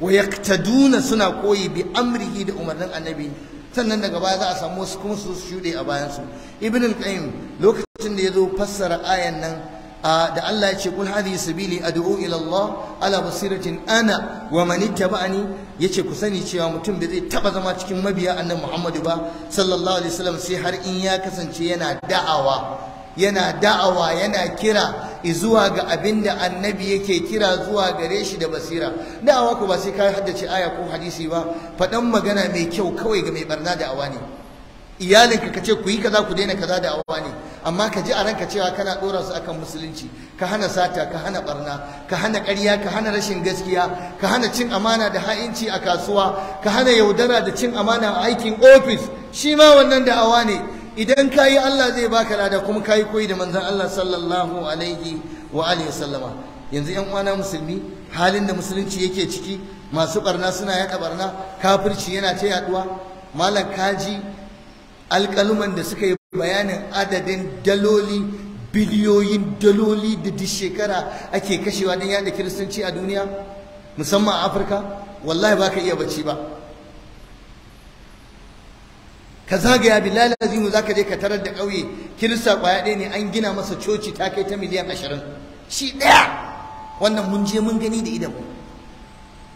wa suna koyi bi amrihi da umarnin annabi sannan daga baya za a samu wasu kuma su shuɗe a bayansu ibn al-qayyim lokacin da ya zo fassara ayan nan da Allah ya ce kul hadhihi sabili ad'u ila Allah ala basiratin ana wa man ittaba'ani yace ku sani cewa mutum da zai taba zama cikin mabiya annabi Muhammadu ba sallallahu alaihi wasallam sai har in ya kasance yana da'awa yana da'awa yana kira zuwa ga abin da annabi yake kira zuwa gare shi da basira da'awa ku ba sai ka haddace aya ko hadisi ba faɗan magana mai kyau kawai ga mai barna da'awa ne iyalinka ka ce ku yi kaza ku daina kaza da awa ne amma ka ji a ranka cewa kana dora su akan musulunci ka hana sata ka hana barna ka hana ƙarya ka hana rashin gaskiya ka hana cin amana da ha'inci a kasuwa ka hana yaudara da cin amana a aikin ofis shi ma wannan da awa ne idan ka yi Allah zai baka lada kuma ka yi koyi da manzon Allah sallallahu alaihi wa alihi sallama yanzu yan uwana musulmi halin da musulunci yake ciki masu barna suna yaɗa barna kafirci yana ta yaduwa, malam kaji alƙaluman da suka yi bayanin adadin daloli biliyoyin daloli da duk shekara ake kashewa don yada kiristanci a duniya musamman a afirka wallahi ba ka iya bacci ba ka zagaya billahi lazimu za ka je ka tarar da ƙauye kirista ƙwaya ɗaya ne an gina masa coci ta kai ta miliyan ashirin shi ɗaya wannan mun je mun gani da idanmu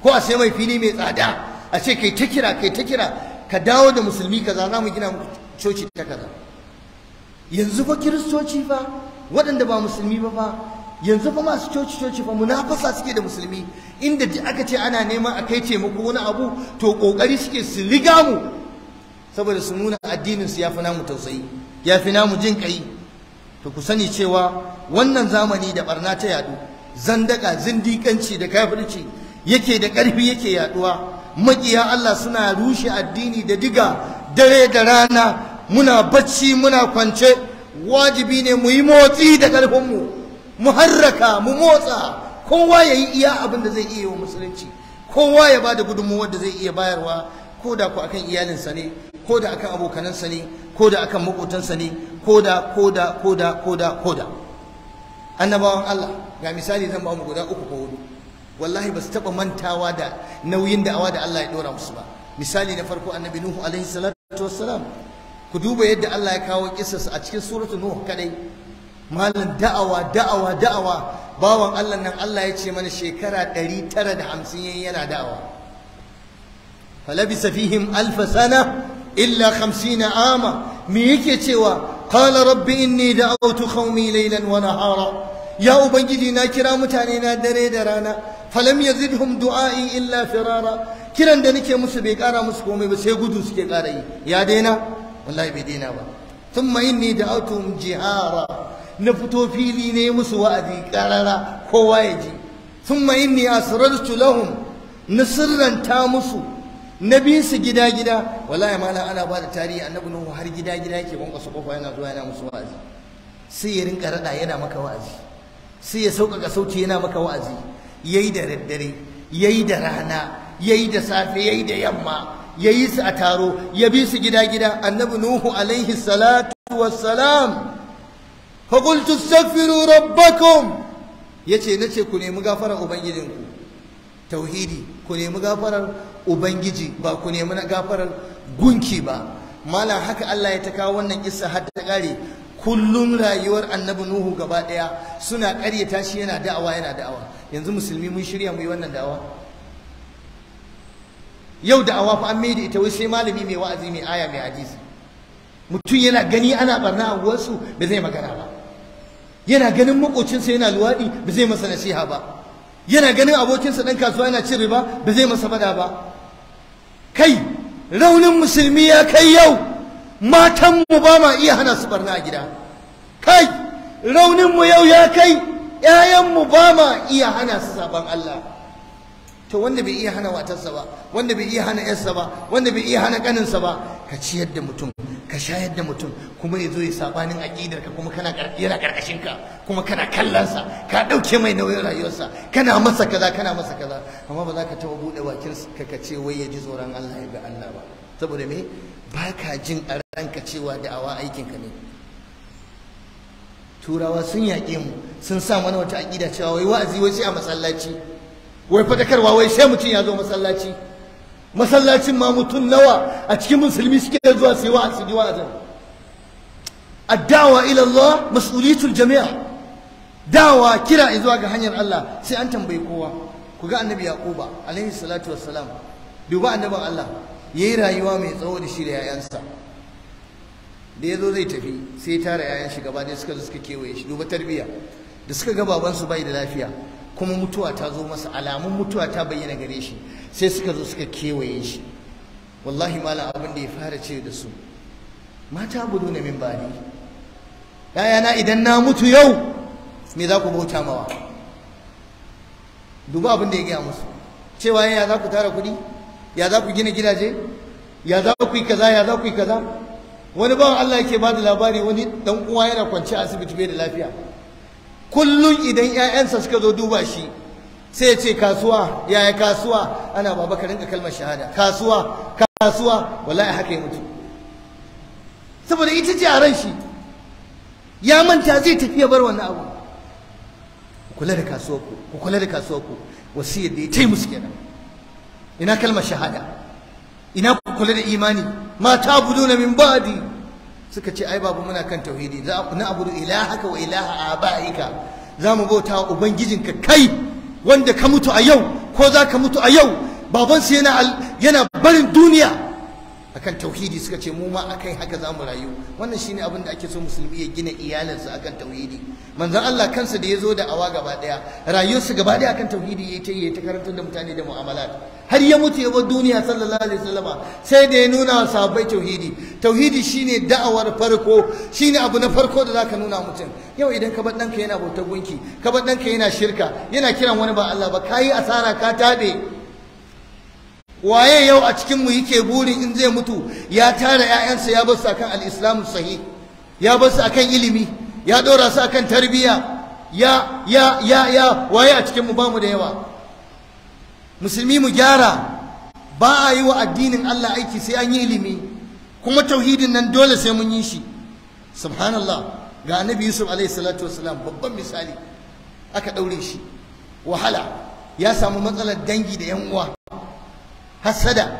ko a sai mai fili mai tsada a ce kai ta kira kai ta kira ka dawo da musulmi kaza za mu gina mu coci ta kaza yanzu fa kiristoci fa waɗanda ba musulmi ba fa yanzu fa masu coci coci fa munafasa suke da musulmi inda aka ce ana neman a kai taimako wani abu to ƙoƙari suke su riga mu saboda su nuna addinin su ya fi namu tausayi ya fi namu jin kai to ku sani cewa wannan zamani da barna ta yadu zandaka zindikanci da kafirci yake da ƙarfi yake yaɗuwa. maƙiya Allah suna rushe addini da diga dare da rana muna bacci muna kwance wajibi ne mu yi motsi da ƙarfinmu mu harraka mu motsa kowa ya yi iya abin da zai iya wa musulunci kowa ya ba da gudunmuwar da zai iya bayarwa ko da ku akan iyalinsa ne ko da akan abokanansa ne ko da akan maƙotansa ne ko da ko da ko da ko da ko da annabawan Allah ga misali zan ba mu guda uku ko hudu wallahi ba su taɓa mantawa da nauyin da'awa da Allah ya ɗora musu ba misali na farko annabi nuhu alaihi salatu wassalam ku duba yadda Allah ya kawo kisarsa a cikin suratu nuhu kadai malam da'awa da'awa da'awa bawan Allah nan Allah ya ce mana shekara 950 yayin yana da'awa falabisa fihim alf sana illa 50 ama me yake cewa qala rabbi inni da'awtu qaumi laylan wa nahara ya ubangiji na kira mutane na dare da rana falam yazidhum du'ai illa firara kiran da nake musu bai kara musu komai ba sai gudu suke kara yi ya daina wallahi bai daina ba thumma inni da'awtuhum jihara na fito fili ne musu wa'azi karara kowa ya ji thumma inni asrartu lahum na sirranta musu na bi su gida gida wallahi malam ana ba da tarihi annabi nuhu har gida gida yake kwankwasa kofa yana zuwa yana musu wa'azi sai ya rinka rada yana maka wa'azi sai ya sauƙaƙa sauti yana maka wa'azi yayi da daddare yayi da rana yayi da safe yayi da yamma yayi su a taro ya bi su gida gida annabi nuhu alaihi salatu wassalam fa qultu astaghfiru rabbakum yace nace ku nemi gafarar ubangijinku tauhidi ku nemi gafarar ubangiji ba ku nemi gafarar gunki ba malam haka Allah ya ta kawo wannan kissa har ta kare kullum rayuwar annabi nuhu gaba daya suna karyata shi yana da'awa yana da'awa yanzu musulmi mun shirya mu yi wannan da'awa yau da awa fa an maida ita wai sai malami mai wa'azi mai aya mai hadisi mutum yana gani ana barna a wasu ba zai magana ba yana ganin makocinsa yana luwaɗi ba zai masa nasiha ba yana ganin abokinsa ɗan kasuwa yana cin riba ba zai masa faɗa ba kai raunin musulmi ya kai yau matanmu ba ma iya hana su barna a gida kai raunin mu yau ya kai Ya'yan ba ma iya hana su sabon Allah to wanda bai iya hana watarsa ba wanda bai iya hana yarsa ba wanda bai iya hana kaninsa ba ka ciyar da mutum ka shayar da mutum kuma ya zo ya sabanin aƙidar ka kuma kana yana karkashin ka kuma kana kallonsa ka ɗauke mai nauyin rayuwarsa kana masa kaza kana masa kaza amma ba za ka taɓa buɗe bakin ka ka ce wai ya ji tsoron Allah ya ga Allah ba saboda me ba ka jin a ranka cewa da'awa aikinka ne turawa sun yaƙe mu sun sa mana wata aƙida cewa wai wa'azi wai sai a masallaci wai fadakarwa wai sai mutum ya zo masallaci masallacin ma mutum nawa a cikin musulmi suke zuwa su yi wa'azi ni wa'azin addawa ila Allah mas'uliyatul jami'a dawa kira zuwa ga hanyar Allah sai an tambayi kowa ku ga annabi yaquba alaihi salatu wassalam duba annabin Allah yayi rayuwa mai tsawo da shi da 'ya'yansa da ya zo zai tafi sai ya tara yayan shi gaba suka zo suka kewaye shi duba tarbiyya da suka ga babansu bai da lafiya kuma mutuwa ta zo masa alamun mutuwa ta bayyana gare shi sai suka zo suka kewaye shi wallahi malam abin da ya fara ce da su mata budu na min bani yayana idan na mutu yau me za ku bauta mawa duba abin da ya gaya musu cewa ya za ku tara kuɗi ya za ku gina gidaje ya za ku yi kaza ya za ku yi kaza wani bawan Allah yake ba da labari wani dan uwa yana kwance a asibiti bai da lafiya kullum idan 'ya'yansa suka zo duba shi sai ya ce kasuwa yaya kasuwa ana baba ka rinka kalmar shahada kasuwa kasuwa wallahi haka ya mutu saboda ita ce a ran shi ya manta zai tafi ya bar wannan abu kula da kasuwar ku ku kula da kasuwar ku wasiyar da ya taimu su kenan ina kalmar shahada ina kula da imani Mata ta'buduna min ba'di suka ce ai babu muna kan tauhidi za na abudu ilahaka wa ilaha abaika za mu bauta ubangijinka kai wanda ka mutu a yau ko za ka mutu a yau babansu yana yana barin duniya akan tauhidi suka ce mu ma akai haka za mu rayu wannan shine abin da ake so musulmi ya gina iyalinsu akan tauhidi manzon Allah kansa da ya zo da awa gaba daya rayuwarsa gaba daya akan tauhidi yayi ta yayi ta karantar da mutane da mu'amalat har ya mutu ya bar duniya sallallahu alaihi wasallama sai da ya nuna wa sahabbai tauhidi tauhidi shine da'awar farko shine abu na farko da zaka nuna mutum yau idan ka bar danka yana bautar gunki ka bar danka yana shirka yana kiran wani ba Allah ba kai asara ka tabe waye yau a cikin mu yake burin in zai mutu ya tara ƴaƴansa ya bar su akan al-islamu sahih ya bar su akan ilimi ya dora su akan tarbiyya ya ya ya ya waye a cikin mu bamu da yawa musulmi mu gyara ba a yi wa addinin Allah aiki sai an yi ilimi kuma tauhidin nan dole sai mun yi shi subhanallah ga annabi yusuf alaihi salatu wasalam babban misali aka daure shi wahala ya samu matsalar dangi da yan uwa Hassada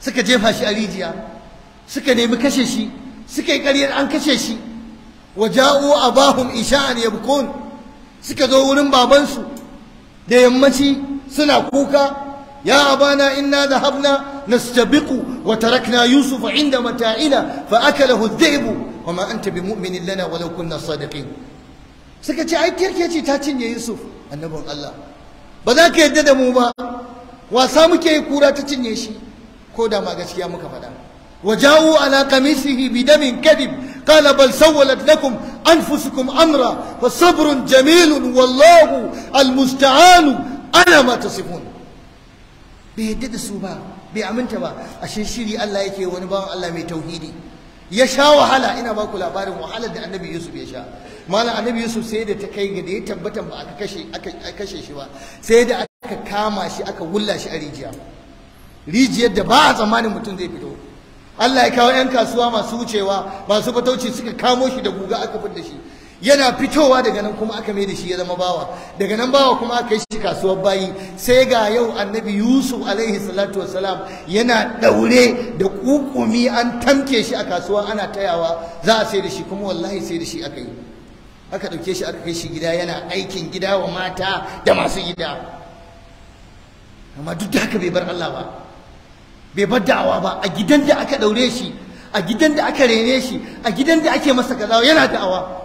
suka jefa shi a rijiya suka nemi kashe shi suka karyar an kashe shi wa ja'u abahum isha'an yabkun suka zo wurin babansu da yammaci suna kuka ya abana inna dhahabna nastabiqu wa tarakna yusuf inda mata'ina fa akalahu adh-dhi'bu wa ma anta bimu'minin lana walau kunna sadiqin suka ce ai kirkeci ta cinye yusuf annabin Allah ba za ka yarda da mu ba wasa muke yi kura ta cinye shi ko da ma gaskiya muka faɗa wa jawu ala qamisihi bidamin kadib qala bal sawwalat lakum anfusukum amra wa sabrun jamilun wallahu almusta'anu ala ma tasifun bai yadda da su ba bai aminta ba ashe shiri Allah yake wani bawan Allah mai tauhidi ya sha wahala ina ba ku labarin wahalar da annabi yusuf ya sha malam annabi yusuf sai da ta kai ga da ya tabbata ba aka kashe shi ba sai da aka kama shi aka wulla shi a rijiya rijiyar da ba a tsammanin mutum zai fito Allah ya kawo 'yan kasuwa masu wucewa masu fatauci suka kamo shi da guga aka fitar shi yana fitowa daga nan kuma aka mai da shi ya zama bawa daga nan bawa kuma aka yi shi kasuwar bayi sai ga yau annabi yusuf alaihi salatu wasalam yana daure da kukumi an tamke shi a kasuwa ana tayawa za a sai da shi kuma wallahi sai da shi aka yi aka ɗauke shi aka kai shi gida yana aikin gida wa mata da masu gida amma duk da haka bai bar Allah ba bai bar da'awa ba a gidan da aka daure shi a gidan da aka rene shi a gidan da ake masa kaza yana da'awa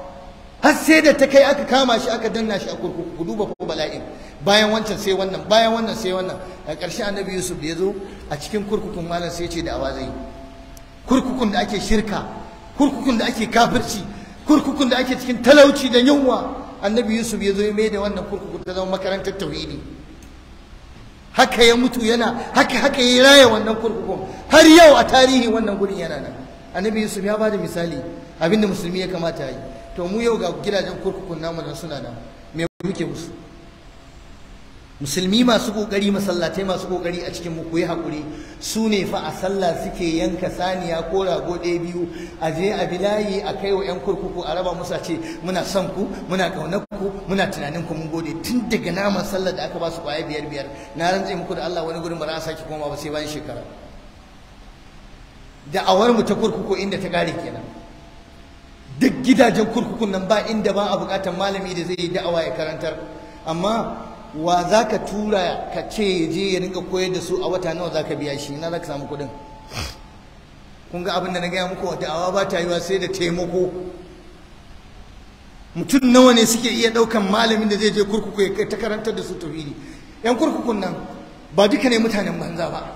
har sai da ta kai aka kama shi aka danna shi a kurkuku ku duba ko bala'in bayan wancan sai wannan bayan wannan sai wannan a ƙarshe annabi yusuf da ya zo a cikin kurkukun malam sai ce da'awa zai yi kurkukun da ake shirka kurkukun da ake kafirci kurkukun da ake cikin talauci da yunwa annabi yusuf ya zo ya mai da wannan kurkuku ta zama makarantar tauhidi haka ya mutu yana haka haka ya raya wannan kurkukun har yau a tarihi wannan gurin yana nan annabi yusuf ya bada misali abinda musulmi ya kamata yi to mu yau ga gidajen kurkukun namu da suna nan me muke musu musulmi masu kokari masallatai masu kokari a cikin mu koyi hakuri su ne fa a sallah suke yanka saniya ko rago ɗaya biyu a je a bilayi a kai wa 'yan kurkuku a raba Musa ce muna son ku muna ƙaunar ku muna tunanin ku mun gode tun daga naman sallar da aka ba su kwaya biyar biyar na rantse muku da Allah wani gurin ba za a sake koma ba sai bayan shekara da awar mu ta kurkuku inda ta kare kenan duk gidajen kurkukun nan ba inda ba a bukatar malami da zai yi da'awa ya karantar amma wa za ka tura ka ce ya je ya rinka koyar da su a wata nawa za ka biya shi na za ka samu kuɗin kun ga abin da na gaya muku wata awa ba ta yiwa sai da taimako mutum nawa ne suke iya ɗaukan malamin da zai je kurkuku ya ta karantar da su tafiri yan kurkukun nan ba duka ne mutanen banza ba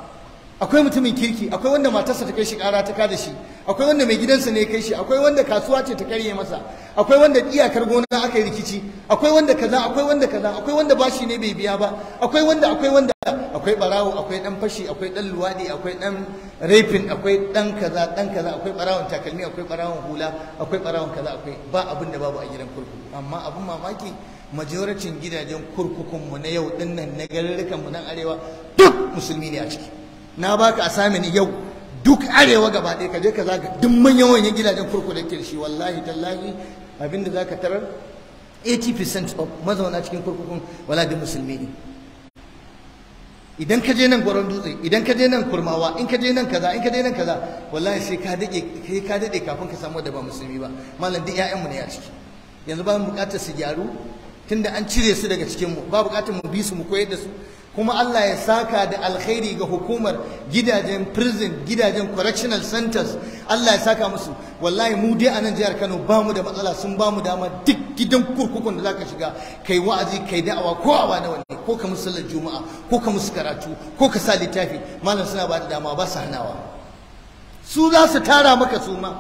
akwai mutumin kirki akwai wanda matarsa ta kai shi ƙara ta kada shi akwai wanda mai gidansa ne kai shi akwai wanda kasuwa ce ta karye masa akwai wanda iyakar gona aka yi rikici akwai wanda kaza akwai wanda kaza akwai wanda bashi ne bai biya ba akwai wanda akwai wanda akwai barawo akwai dan fashi akwai dan luwadi akwai dan rafin akwai dan kaza dan kaza akwai barawon takalmi akwai barawon hula akwai barawon kaza akwai ba abin da babu a gidan kurkuku amma abin mamaki majoracin gidajen kurkukun mu na yau dinnan na mu nan arewa duk musulmi ne a ciki na baka asamin yau duk arewa gaba ɗaya ka je ka zaga duk manyan manyan gidajen kurkuku da shi wallahi tallahi abinda za ka tarar 80% of mazauna cikin kurkukun wala da musulmi ne idan ka je nan gwaron dutse idan ka je nan kurmawa in ka je nan kaza in ka je nan kaza wallahi sai ka dade kai ka dade kafin ka samu da ba musulmi ba malam duk ƴaƴan mu ne a ciki yanzu ba mu bukatar su gyaru tunda an cire su daga cikin mu ba bukatar mu bi su mu koyar da su kuma Allah ya saka da alkhairi ga hukumar gidajen prison gidajen correctional centers Allah ya saka musu wallahi mu dai a nan jihar Kano ba mu da matsala sun ba mu dama duk gidan kurkukun da zaka shiga kai wa'azi kai da'awa ko awa na wani ko ka musu juma'a ko ka musu karatu ko ka sa littafi malam suna ba da dama ba su hanawa su za su tara maka su ma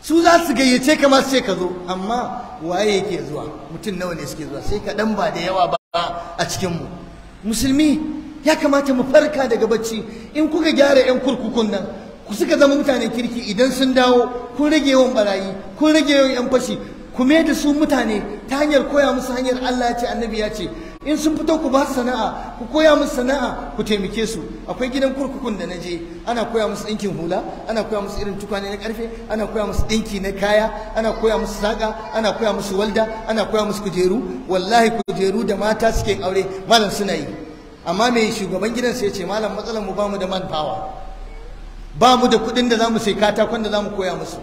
su za su gayyace ka ma su ce ka zo amma waye yake zuwa mutum nawa ne suke zuwa sai kaɗan ba da yawa ba a cikin mu musulmi ya kamata mu farka daga bacci in kuka gyara 'yan kurkukun nan ku suka zama mutanen kirki idan sun dawo kun rage yawan barayi kun rage yawan 'yan fashi ku da su mutane ta hanyar koya musu hanyar Allah ya ce annabi ya ce in sun fito ku ba sana'a ku koya musu sana'a ku taimake su akwai gidan kurkukun da na je ana koya musu ɗinkin hula ana koya musu irin tukwane na karfe ana koya musu ɗinki na kaya ana koya musu saƙa ana koya musu walda ana koya musu kujeru wallahi kujeru da mata suke aure malam suna yi amma mai shugaban gidan sai ce malam matsalar mu bamu da man ba bamu da kuɗin da zamu mu sai katakon da zamu koya musu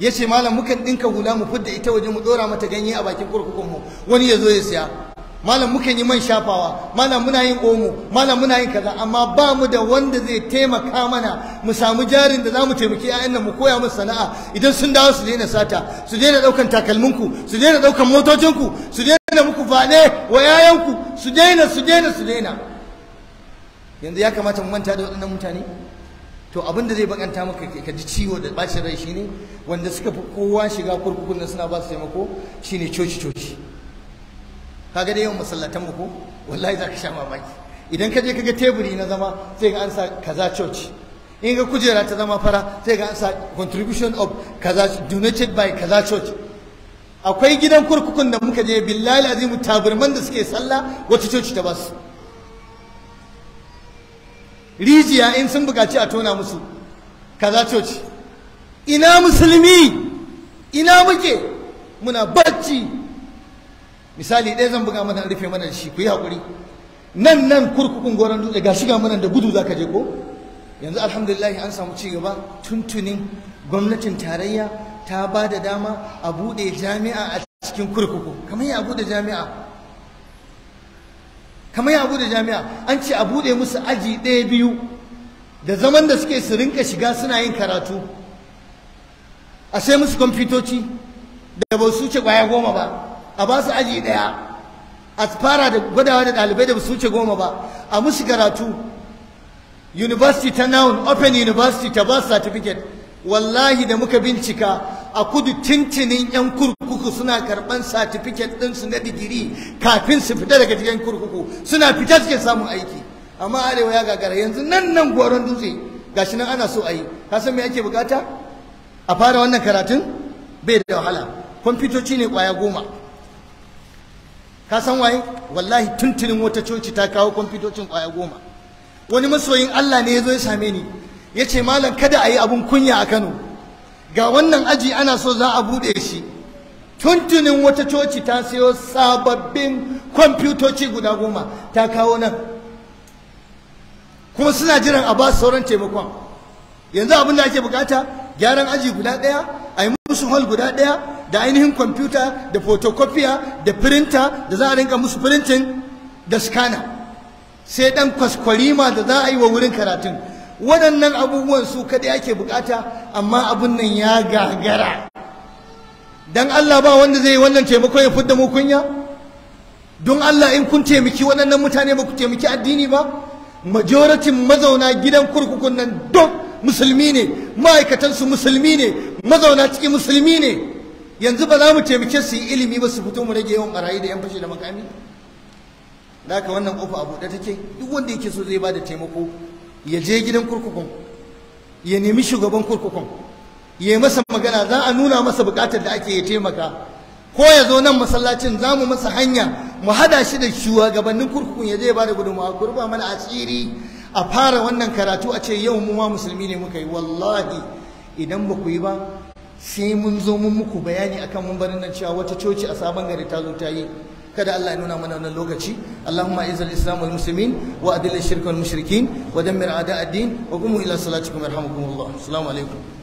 ya ce malam mukan ɗinka hula mu fudda ita waje mu ɗora mata ganye a bakin kurkukun mu wani ya zo ya siya malam mukan yi man shafawa malam muna yin omo malam muna yin kaza amma ba mu da wanda zai taimaka mana mu samu jarin da zamu taimaki ƴaƴan mu koya musu sana'a idan sun dawo su daina sata su daina daukan takalminku su daina daukan motocinku su daina muku fane wa yayanku su daina su daina su daina yanzu ya kamata mu manta da waɗannan mutane to abin da zai bakanta maka ka ji ciwo da bacin rai shine wanda suka fi kowa shiga kurkukun nan suna ba su taimako shine coci coci kaga dai yawan masallatan mu ko wallahi za ka sha mamaki idan ka je ka ga teburi na zama sai ga an kaza church in ga kujera ta zama fara sai ga an sa contribution of kaza donated by kaza church akwai gidan kurkukun da muka je billahi azimu tabirman da suke sallah wata coci ta basu rijiya in sun bukaci a tona musu kaza coci ina musulmi ina muke muna bacci misali ɗaya zan buga mana rufe mana da shi ku yi haƙuri nan nan kurkukun goron dutse ga shiga mana da gudu za ka je ko yanzu alhamdulillah an samu ci gaba tuntunin gwamnatin tarayya ta ba da dama a buɗe jami'a a cikin kurkuku kamar ya buɗe jami'a kamar ya buɗe jami'a an ce a buɗe musu aji ɗaya biyu da zaman da suke su rinka shiga suna yin karatu a sai musu kwamfutoci da ba su ce ƙwaya goma ba a ba su aji daya a fara da gwadawa da ɗalibai da su wuce goma ba a musu karatu university ta noun open university ta ba su certificate wallahi da muka bincika a kudu tintinin yan kurkuku suna karban certificate su na digiri kafin su fita daga cikin kurkuku suna fita suke samun aiki amma arewa ya gagara yanzu nan nan goron dutse gashi nan ana so ayi yi ka san me ake bukata a fara wannan karatun bai da wahala kwamfutoci ne kwaya goma ka san waye wallahi tuntunin wata coci ta kawo kwamfutocin kwaya goma wani masoyin Allah ne ya zo ya same ni ya ce malam kada a yi abun kunya a Kano ga wannan aji ana so za a buɗe shi tuntunin wata coci ta siyo sababbin kwamfutoci guda goma ta kawo nan kuma suna jiran a ba su sauran taimakon yanzu abin da ake bukata gyaran aji guda ɗaya a yi musu hall guda ɗaya da ainihin kwamfuta da fotokofiya da firinta da za a rinka musu firintin da skana sai dan kwaskwarima da za a yi wa wurin karatun waɗannan abubuwan su kaɗai ake bukata amma abun nan ya gagara Don Allah ba wanda zai yi wannan taimako ya fudda mu kunya don Allah in kun taimaki waɗannan mutane ba ku taimaki addini ba majoratin mazauna gidan kurkukun nan don musulmi ne ma'aikatansu musulmi ne mazauna cikin musulmi ne yanzu ba za mu taimake su yi ilimi ba su fito mu rage yawan barayi da yan fashe da makami da haka wannan kofa a buɗe take duk wanda yake so zai ba da taimako ya je gidan kurkukun ya nemi shugaban kurkukun ya masa magana za a nuna masa buƙatar da ake ya taimaka ko ya zo nan masallacin za mu masa hanya mu hada shi da shugabannin kurkukun ya je ya ba da gudunmawa ku rufa mana asiri a fara wannan karatu a ce yau mu ma musulmi ne muka yi wallahi idan ba ku yi ba sai mun zo mun muku bayani akan mumbarin nan cewa wata coci a sabon gari ta zo ta yi kada Allah ya nuna mana wannan lokaci Allahumma izil islam wal muslimin wa adil shirka wal mushrikin wa dammir a'da ad-din wa qumu ila salatikum yarhamukumullah assalamu alaikum